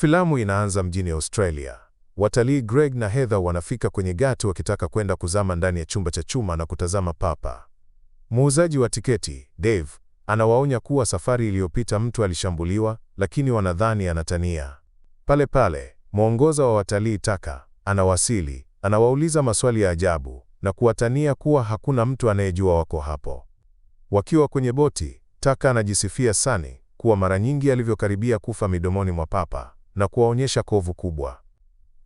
Filamu inaanza mjini Australia. Watalii Greg na Heather wanafika kwenye gati wakitaka kwenda kuzama ndani ya chumba cha chuma na kutazama papa. Muuzaji wa tiketi, Dave, anawaonya kuwa safari iliyopita mtu alishambuliwa, lakini wanadhani anatania. Pale pale, mwongoza wa watalii Taka anawasili, anawauliza maswali ya ajabu na kuwatania kuwa hakuna mtu anayejua wako hapo. Wakiwa kwenye boti, Taka anajisifia Sani kuwa mara nyingi alivyokaribia kufa midomoni mwa papa na kuwaonyesha kovu kubwa.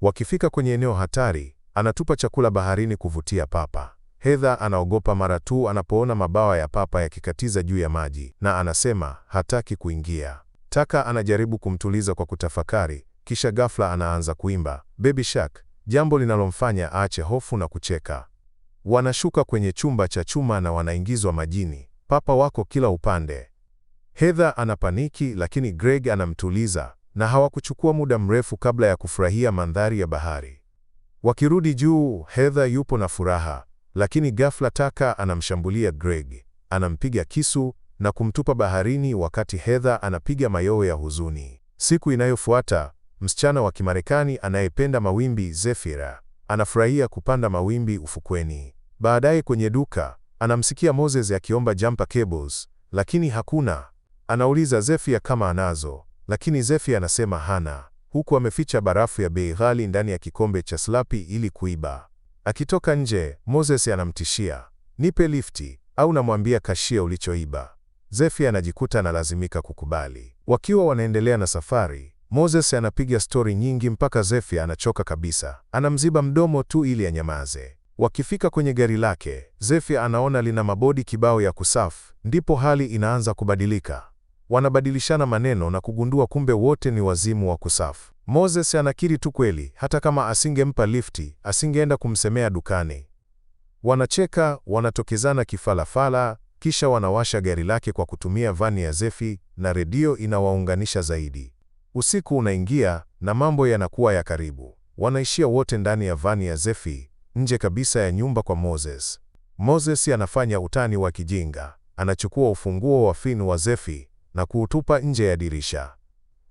Wakifika kwenye eneo hatari, anatupa chakula baharini kuvutia papa. Heather anaogopa mara tu anapoona mabawa ya papa yakikatiza juu ya maji na anasema hataki kuingia. Taka anajaribu kumtuliza kwa kutafakari, kisha ghafla anaanza kuimba Baby Shark, jambo linalomfanya aache hofu na kucheka. Wanashuka kwenye chumba cha chuma na wanaingizwa majini. Papa wako kila upande. Heather anapaniki, lakini Greg anamtuliza na hawakuchukua muda mrefu kabla ya kufurahia mandhari ya bahari. Wakirudi juu, Heather yupo na furaha, lakini ghafla taka anamshambulia Greg, anampiga kisu na kumtupa baharini wakati Heather anapiga mayowe ya huzuni. Siku inayofuata, msichana wa Kimarekani anayependa mawimbi Zefira anafurahia kupanda mawimbi ufukweni. Baadaye kwenye duka, anamsikia Moses akiomba jumper cables, lakini hakuna. Anauliza Zefia kama anazo, lakini Zefi anasema hana, huku ameficha barafu ya bei ghali ndani ya kikombe cha slapi ili kuiba. Akitoka nje, Moses anamtishia, nipe lifti au namwambia kashia ulichoiba. Zefi anajikuta analazimika kukubali. Wakiwa wanaendelea na safari, Moses anapiga stori nyingi mpaka Zefi anachoka kabisa, anamziba mdomo tu ili anyamaze. Wakifika kwenye gari lake, Zefi anaona lina mabodi kibao ya kusafu, ndipo hali inaanza kubadilika. Wanabadilishana maneno na kugundua kumbe wote ni wazimu wa kusafu. Moses anakiri tu kweli, hata kama asingempa lifti, asingeenda kumsemea dukani. Wanacheka, wanatokezana kifalafala, kisha wanawasha gari lake kwa kutumia vani ya Zefi na redio inawaunganisha zaidi. Usiku unaingia na mambo yanakuwa ya karibu. Wanaishia wote ndani ya vani ya Zefi, nje kabisa ya nyumba kwa Moses. Moses anafanya utani wa kijinga, anachukua ufunguo wa finu wa Zefi na kuutupa nje ya dirisha.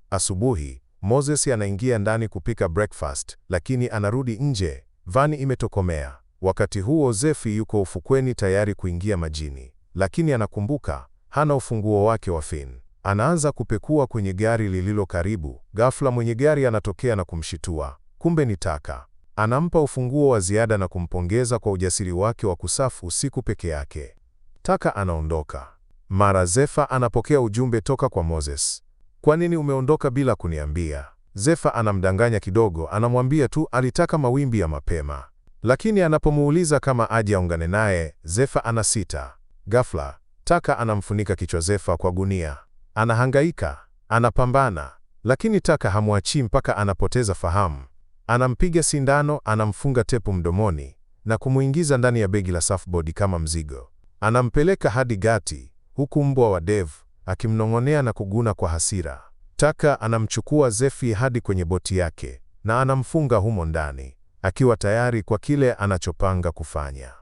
Asubuhi, Moses anaingia ndani kupika breakfast, lakini anarudi nje, vani imetokomea. Wakati huo Zefi yuko ufukweni tayari kuingia majini, lakini anakumbuka hana ufunguo wake wa fin Anaanza kupekua kwenye gari lililo karibu. Ghafla mwenye gari anatokea na kumshitua, kumbe ni Taka. Anampa ufunguo wa ziada na kumpongeza kwa ujasiri wake wa kusafu usiku peke yake. Taka anaondoka. Mara Zefa anapokea ujumbe toka kwa Moses. Kwa nini umeondoka bila kuniambia? Zefa anamdanganya kidogo, anamwambia tu alitaka mawimbi ya mapema, lakini anapomuuliza kama aje aungane naye, Zefa anasita. Ghafla taka anamfunika kichwa Zefa kwa gunia. Anahangaika, anapambana, lakini taka hamwachii mpaka anapoteza fahamu. Anampiga sindano, anamfunga tepu mdomoni na kumwingiza ndani ya begi la surfboard kama mzigo. Anampeleka hadi gati huku mbwa wa Dev akimnong'onea na kuguna kwa hasira. Taka anamchukua Zefi hadi kwenye boti yake na anamfunga humo ndani, akiwa tayari kwa kile anachopanga kufanya.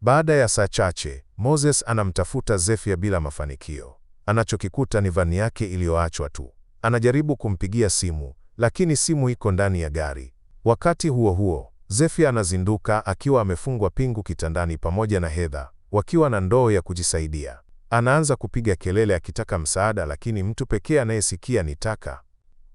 Baada ya saa chache, Moses anamtafuta Zefia bila mafanikio. Anachokikuta ni vani yake iliyoachwa tu. Anajaribu kumpigia simu, lakini simu iko ndani ya gari. Wakati huo huo, Zefia anazinduka akiwa amefungwa pingu kitandani pamoja na Hedha, wakiwa na ndoo ya kujisaidia. Anaanza kupiga kelele akitaka msaada, lakini mtu pekee anayesikia ni Taka.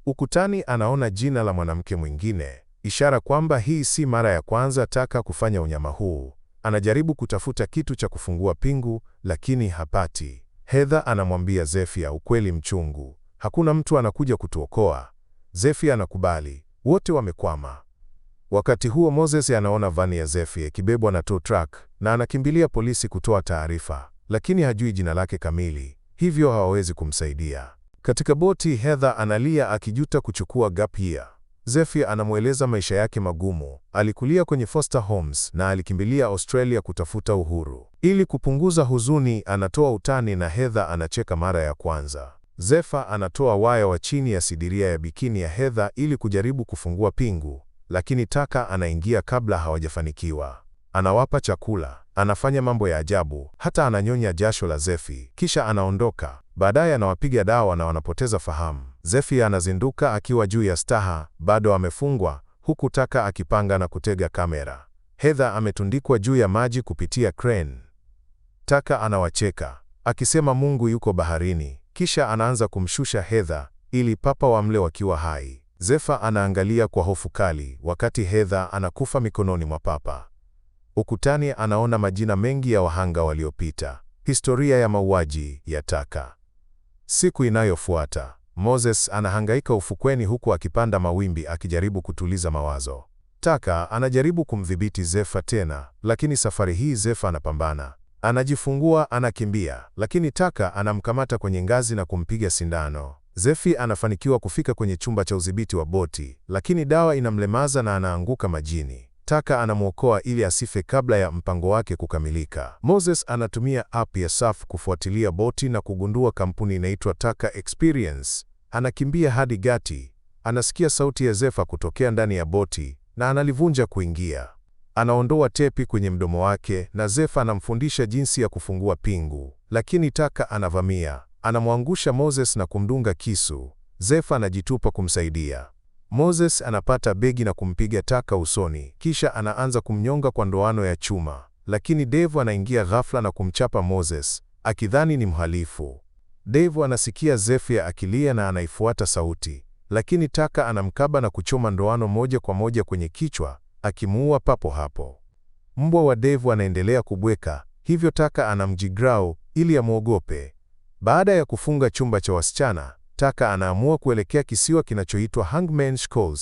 Ukutani anaona jina la mwanamke mwingine, ishara kwamba hii si mara ya kwanza Taka kufanya unyama huu. Anajaribu kutafuta kitu cha kufungua pingu, lakini hapati. Hedha anamwambia Zefia ukweli mchungu, hakuna mtu anakuja kutuokoa. Zefia anakubali, wote wamekwama. Wakati huo Moses anaona vani ya Zefia ikibebwa na tow truck na anakimbilia polisi kutoa taarifa lakini hajui jina lake kamili, hivyo hawawezi kumsaidia. Katika boti, Heather analia akijuta kuchukua gap year. Zefi anamweleza maisha yake magumu. Alikulia kwenye foster homes na alikimbilia Australia kutafuta uhuru. Ili kupunguza huzuni, anatoa utani na Heather anacheka mara ya kwanza. Zefa anatoa waya wa chini ya sidiria ya bikini ya Heather ili kujaribu kufungua pingu, lakini taka anaingia kabla hawajafanikiwa. Anawapa chakula. Anafanya mambo ya ajabu, hata ananyonya jasho la Zefi, kisha anaondoka. Baadaye anawapiga dawa na wanapoteza fahamu. Zefi anazinduka akiwa juu ya staha, bado amefungwa, huku Taka akipanga na kutega kamera. hedha ametundikwa juu ya maji kupitia crane. Taka anawacheka akisema Mungu yuko baharini, kisha anaanza kumshusha hedha ili papa wamle wakiwa hai. Zefa anaangalia kwa hofu kali wakati hedha anakufa mikononi mwa papa. Ukutani anaona majina mengi ya wahanga waliopita, historia ya mauaji ya taka. Siku inayofuata Moses anahangaika ufukweni huku akipanda mawimbi akijaribu kutuliza mawazo. Taka anajaribu kumdhibiti Zefa tena, lakini safari hii Zefa anapambana. Anajifungua, anakimbia, lakini Taka anamkamata kwenye ngazi na kumpiga sindano. Zefi anafanikiwa kufika kwenye chumba cha udhibiti wa boti, lakini dawa inamlemaza na anaanguka majini anataka anamwokoa ili asife kabla ya mpango wake kukamilika. Moses anatumia app ya SAF kufuatilia boti na kugundua kampuni inaitwa Taka Experience. Anakimbia hadi gati, anasikia sauti ya Zefa kutokea ndani ya boti na analivunja kuingia. Anaondoa tepi kwenye mdomo wake na Zefa anamfundisha jinsi ya kufungua pingu, lakini Taka anavamia, anamwangusha Moses na kumdunga kisu. Zefa anajitupa kumsaidia. Moses anapata begi na kumpiga taka usoni, kisha anaanza kumnyonga kwa ndoano ya chuma, lakini Dave anaingia ghafla na kumchapa Moses akidhani ni mhalifu. Dave anasikia Zefia akilia na anaifuata sauti, lakini taka anamkaba na kuchoma ndoano moja kwa moja kwenye kichwa, akimuua papo hapo. Mbwa wa Dave anaendelea kubweka, hivyo taka anamjigrau ili amwogope. Baada ya kufunga chumba cha wasichana Taka anaamua kuelekea kisiwa kinachoitwa Hangman's Cove.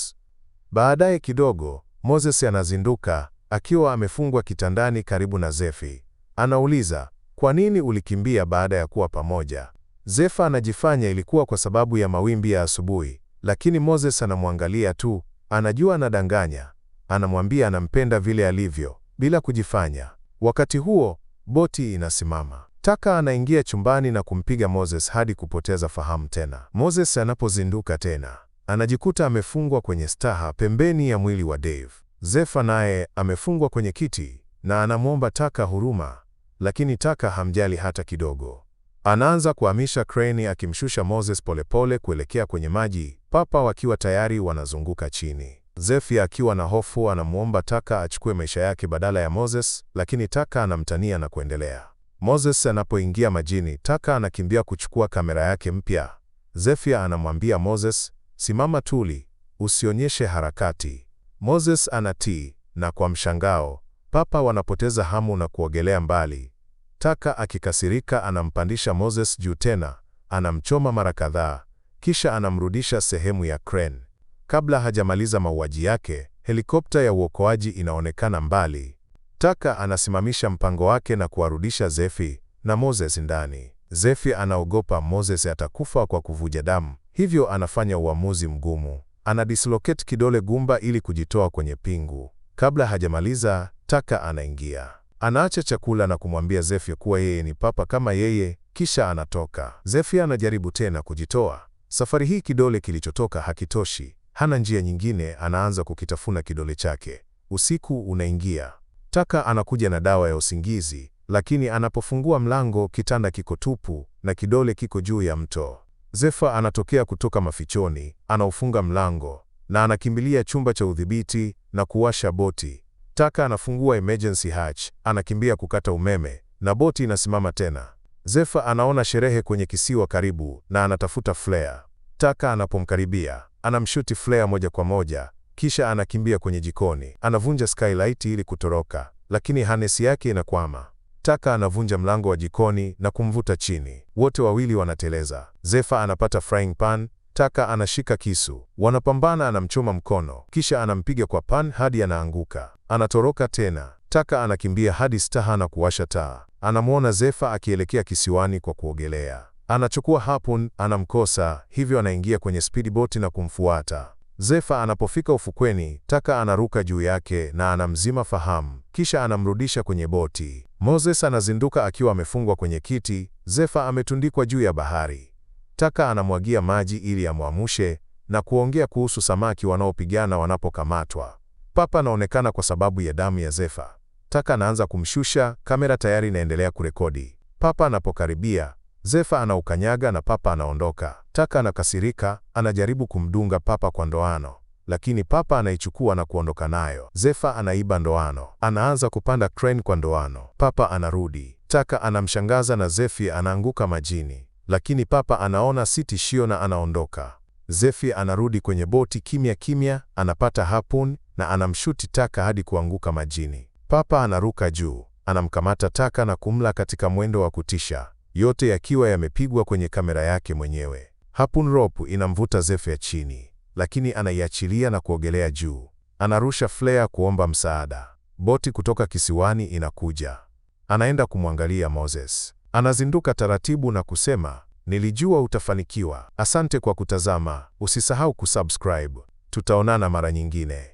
Baadaye kidogo, Moses anazinduka akiwa amefungwa kitandani karibu na Zefi. Anauliza, kwa nini ulikimbia baada ya kuwa pamoja? Zefa anajifanya ilikuwa kwa sababu ya mawimbi ya asubuhi, lakini Moses anamwangalia tu, anajua anadanganya. Anamwambia anampenda vile alivyo bila kujifanya. Wakati huo, boti inasimama. Taka anaingia chumbani na kumpiga Moses hadi kupoteza fahamu tena. Moses anapozinduka tena, anajikuta amefungwa kwenye staha pembeni ya mwili wa Dave. Zefa naye amefungwa kwenye kiti na anamwomba Taka huruma, lakini Taka hamjali hata kidogo. Anaanza kuhamisha kreni akimshusha Moses polepole kuelekea kwenye maji, papa wakiwa tayari wanazunguka chini. Zefia akiwa na hofu anamwomba Taka achukue maisha yake badala ya Moses, lakini Taka anamtania na kuendelea. Moses anapoingia majini, Taka anakimbia kuchukua kamera yake mpya. Zefia anamwambia Moses, simama tuli, usionyeshe harakati. Moses anatii, na kwa mshangao, papa wanapoteza hamu na kuogelea mbali. Taka akikasirika anampandisha Moses juu tena, anamchoma mara kadhaa, kisha anamrudisha sehemu ya crane. Kabla hajamaliza mauaji yake, helikopta ya uokoaji inaonekana mbali. Taka anasimamisha mpango wake na kuwarudisha Zefi na Moses ndani. Zefi anaogopa Moses atakufa kwa kuvuja damu, hivyo anafanya uamuzi mgumu. dislocate kidole gumba ili kujitoa kwenye pingu. Kabla hajamaliza, Taka anaingia, anaacha chakula na kumwambia Zefi kuwa yeye ni papa kama yeye, kisha anatoka. Zefi anajaribu tena kujitoa. Safari hii kidole kilichotoka hakitoshi, hana njia nyingine, anaanza kukitafuna kidole chake. Usiku unaingia. Taka anakuja na dawa ya usingizi, lakini anapofungua mlango kitanda kiko tupu na kidole kiko juu ya mto. Zefa anatokea kutoka mafichoni, anaufunga mlango na anakimbilia chumba cha udhibiti na kuwasha boti. Taka anafungua emergency hatch, anakimbia kukata umeme na boti inasimama tena. Zefa anaona sherehe kwenye kisiwa karibu na anatafuta flare. Taka anapomkaribia anamshuti flare moja kwa moja kisha anakimbia kwenye jikoni. Anavunja skylight ili kutoroka, lakini hanesi yake inakwama. Taka anavunja mlango wa jikoni na kumvuta chini. Wote wawili wanateleza. Zefa anapata frying pan, Taka anashika kisu. Wanapambana, anamchoma mkono, kisha anampiga kwa pan hadi anaanguka. Anatoroka tena. Taka anakimbia hadi staha na kuwasha taa. Anamwona Zefa akielekea kisiwani kwa kuogelea. Anachukua harpoon, anamkosa, hivyo anaingia kwenye speedboat na kumfuata. Zefa anapofika ufukweni, Taka anaruka juu yake na anamzima fahamu, kisha anamrudisha kwenye boti. Moses anazinduka akiwa amefungwa kwenye kiti, Zefa ametundikwa juu ya bahari. Taka anamwagia maji ili amwamushe na kuongea kuhusu samaki wanaopigana wanapokamatwa. Papa anaonekana kwa sababu ya damu ya Zefa. Taka anaanza kumshusha, kamera tayari inaendelea kurekodi. Papa anapokaribia Zefa anaukanyaga na papa anaondoka. Taka anakasirika, anajaribu kumdunga papa kwa ndoano, lakini papa anaichukua na kuondoka nayo. Zefa anaiba ndoano, anaanza kupanda crane kwa ndoano. Papa anarudi. Taka anamshangaza na Zefi anaanguka majini, lakini papa anaona si tishio na anaondoka. Zefi anarudi kwenye boti kimya kimya, anapata harpoon na anamshuti Taka hadi kuanguka majini. Papa anaruka juu, anamkamata Taka na kumla katika mwendo wa kutisha yote yakiwa yamepigwa kwenye kamera yake mwenyewe. rope inamvuta ya chini, lakini anaiachilia na kuogelea juu. Anarusha flare kuomba msaada. Boti kutoka kisiwani inakuja. Anaenda kumwangalia Moses. Anazinduka taratibu na kusema, nilijua utafanikiwa. Asante kwa kutazama, usisahau kusubscribe. Tutaonana mara nyingine.